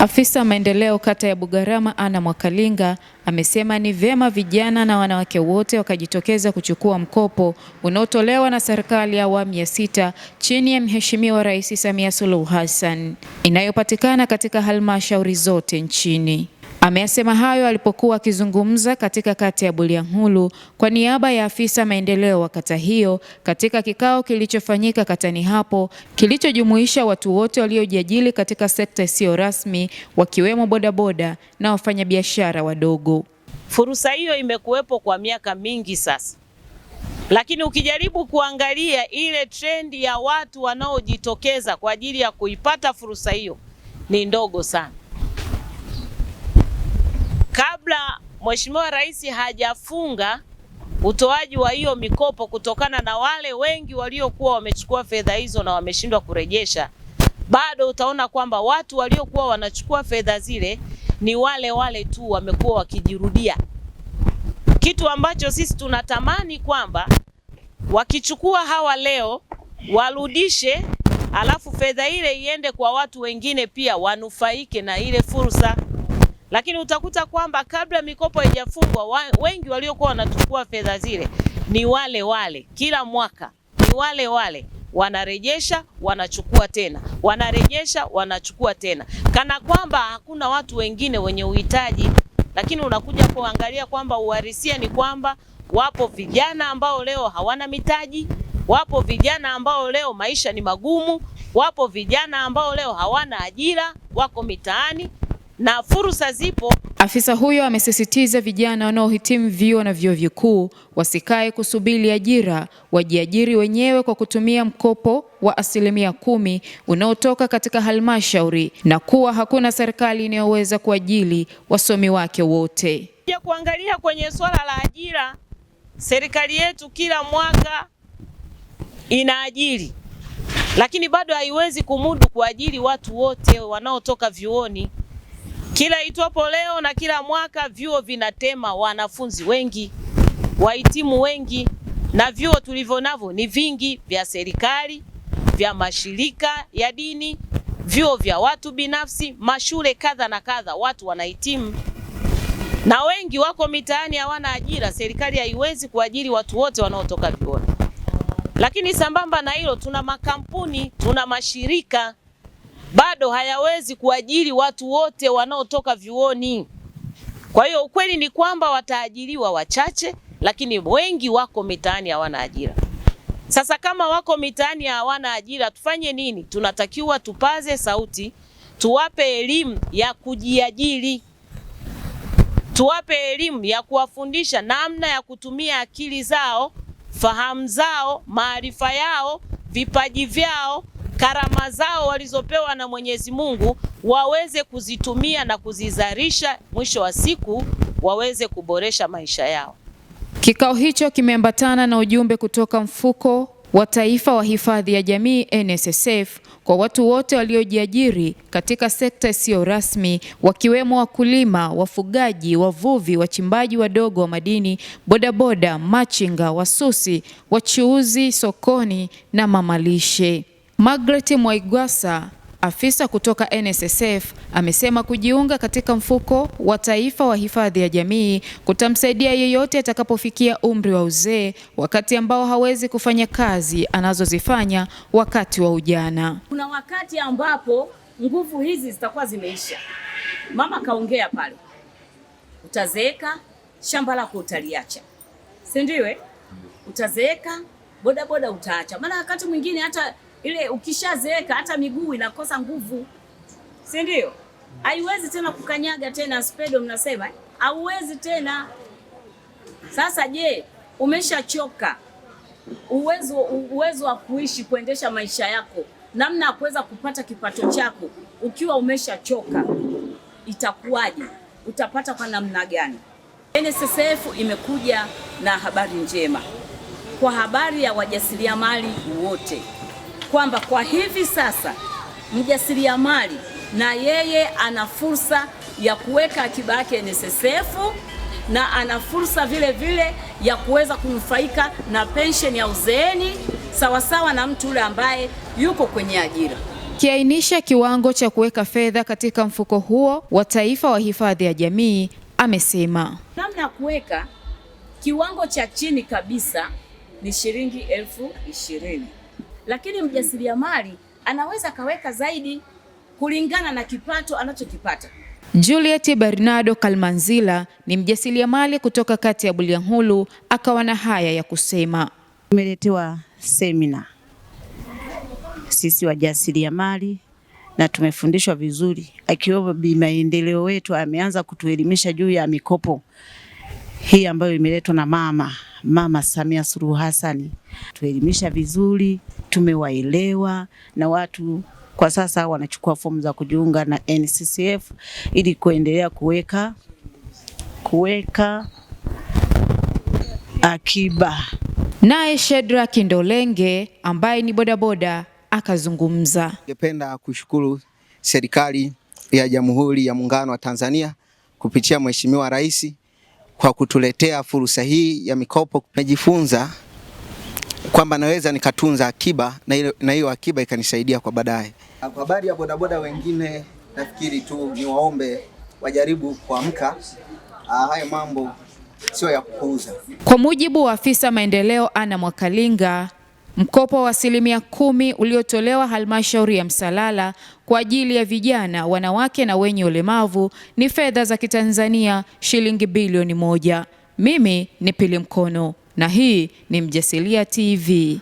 Afisa wa maendeleo kata ya Bugarama Ana Mwakalinga amesema ni vyema vijana na wanawake wote wakajitokeza kuchukua mkopo unaotolewa na serikali ya awamu ya sita chini ya Mheshimiwa Rais Samia Suluhu Hassan inayopatikana katika halmashauri zote nchini. Ameyasema hayo alipokuwa akizungumza katika kata ya Bulyanhulu kwa niaba ya afisa maendeleo wa kata hiyo katika kikao kilichofanyika katani hapo kilichojumuisha watu wote waliojiajili katika sekta isiyo rasmi wakiwemo bodaboda na wafanyabiashara wadogo. Fursa hiyo imekuwepo kwa miaka mingi sasa, lakini ukijaribu kuangalia ile trendi ya watu wanaojitokeza kwa ajili ya kuipata fursa hiyo ni ndogo sana kabla Mheshimiwa Rais hajafunga utoaji wa hiyo mikopo kutokana na wale wengi waliokuwa wamechukua fedha hizo na wameshindwa kurejesha, bado utaona kwamba watu waliokuwa wanachukua fedha zile ni wale wale tu wamekuwa wakijirudia, kitu ambacho sisi tunatamani kwamba wakichukua hawa leo warudishe, alafu fedha ile iende kwa watu wengine pia wanufaike na ile fursa lakini utakuta kwamba kabla mikopo haijafungwa, wengi waliokuwa wanachukua fedha zile ni wale wale, kila mwaka ni wale wale wanarejesha wanachukua tena, wanarejesha wanachukua tena, kana kwamba hakuna watu wengine wenye uhitaji. Lakini unakuja kuangalia kwamba uhalisia ni kwamba wapo vijana ambao leo hawana mitaji, wapo vijana ambao leo maisha ni magumu, wapo vijana ambao leo hawana ajira, wako mitaani na fursa zipo. Afisa huyo amesisitiza vijana wanaohitimu vyuo na vyuo vikuu wasikae kusubiri ajira, wajiajiri wenyewe kwa kutumia mkopo wa asilimia kumi unaotoka katika halmashauri, na kuwa hakuna serikali inayoweza kuajili wasomi wake wote. Ya kuangalia kwenye swala la ajira, serikali yetu kila mwaka inaajiri, lakini bado haiwezi kumudu kuajiri watu wote wanaotoka vyuoni. Kila itwapo leo na kila mwaka vyuo vinatema wanafunzi wengi, wahitimu wengi, na vyuo tulivyo navyo ni vingi, vya serikali, vya mashirika ya dini, vyuo vya watu binafsi, mashule kadha na kadha, watu wanahitimu na wengi wako mitaani hawana ajira. Serikali haiwezi kuajiri watu wote wanaotoka vyuoni, lakini sambamba na hilo, tuna makampuni, tuna mashirika bado hayawezi kuajiri watu wote wanaotoka vyuoni. Kwa hiyo ukweli ni kwamba wataajiriwa wachache, lakini wengi wako mitaani hawana ajira. Sasa kama wako mitaani hawana ajira, tufanye nini? Tunatakiwa tupaze sauti, tuwape elimu ya kujiajiri, tuwape elimu ya kuwafundisha namna ya kutumia akili zao, fahamu zao, maarifa yao, vipaji vyao karama zao walizopewa na Mwenyezi Mungu waweze kuzitumia na kuzizalisha, mwisho wa siku waweze kuboresha maisha yao. Kikao hicho kimeambatana na ujumbe kutoka mfuko wa taifa wa hifadhi ya jamii NSSF kwa watu wote waliojiajiri katika sekta isiyo rasmi wakiwemo wakulima, wafugaji, wavuvi, wachimbaji wadogo wa madini, bodaboda, machinga, wasusi, wachuuzi sokoni na mamalishe. Margaret Mwaigwasa afisa kutoka NSSF amesema kujiunga katika mfuko wa taifa wa hifadhi ya jamii kutamsaidia yeyote atakapofikia umri wa uzee, wakati ambao hawezi kufanya kazi anazozifanya wakati wa ujana. Kuna wakati ambapo nguvu hizi zitakuwa zimeisha. Mama kaongea pale, utazeeka, shamba lako utaliacha, si ndiyo? Eh? Utazeeka, bodaboda utaacha, maana wakati mwingine hata ile ukishazeeka hata miguu inakosa nguvu, si ndio? Mm. Haiwezi tena kukanyaga tena spedo, mnasema hauwezi tena. Sasa je, umeshachoka uwezo uwezo wa kuishi kuendesha maisha yako, namna ya kuweza kupata kipato chako ukiwa umeshachoka, itakuwaje? Utapata kwa namna gani? NSSF imekuja na habari njema kwa habari ya wajasiriamali wote kwamba kwa hivi sasa mjasiriamali na yeye ana fursa ya kuweka akiba yake NSSF na ana fursa vile vile ya kuweza kunufaika na pensheni ya uzeeni sawasawa na mtu yule ambaye yuko kwenye ajira. Kiainisha kiwango cha kuweka fedha katika mfuko huo wa taifa wa hifadhi ya jamii, amesema namna ya kuweka kiwango cha chini kabisa ni shilingi elfu ishirini lakini mjasiriamali anaweza akaweka zaidi kulingana na kipato anachokipata. Juliet Bernardo Kalmanzila ni mjasiriamali kutoka kati ya Bulyanhulu, akawa na haya ya kusema. Tumeletewa semina sisi wajasiriamali na tumefundishwa vizuri, akiwemo Bi Maendeleo wetu ameanza kutuelimisha juu ya mikopo hii ambayo imeletwa na mama Mama Samia Suluhu Hassan tuelimisha vizuri, tumewaelewa na watu kwa sasa wanachukua fomu za kujiunga na NCCF ili kuendelea kuweka kuweka akiba. Naye Shedrack Ndolenge ambaye ni bodaboda akazungumza. Ningependa kushukuru serikali ya Jamhuri ya Muungano wa Tanzania kupitia Mheshimiwa Rais kwa kutuletea fursa hii ya mikopo. Nimejifunza kwamba naweza nikatunza akiba na hiyo akiba ikanisaidia kwa baadaye. Kwa habari ya bodaboda wengine, nafikiri tu ni waombe wajaribu kuamka, ah, hayo mambo sio ya kupuuza. Kwa mujibu wa afisa maendeleo Ana Mwakalinga Mkopo wa asilimia kumi uliotolewa halmashauri ya Msalala kwa ajili ya vijana, wanawake na wenye ulemavu ni fedha za Kitanzania shilingi bilioni moja. Mimi ni Pili Mkono na hii ni Mjasilia TV.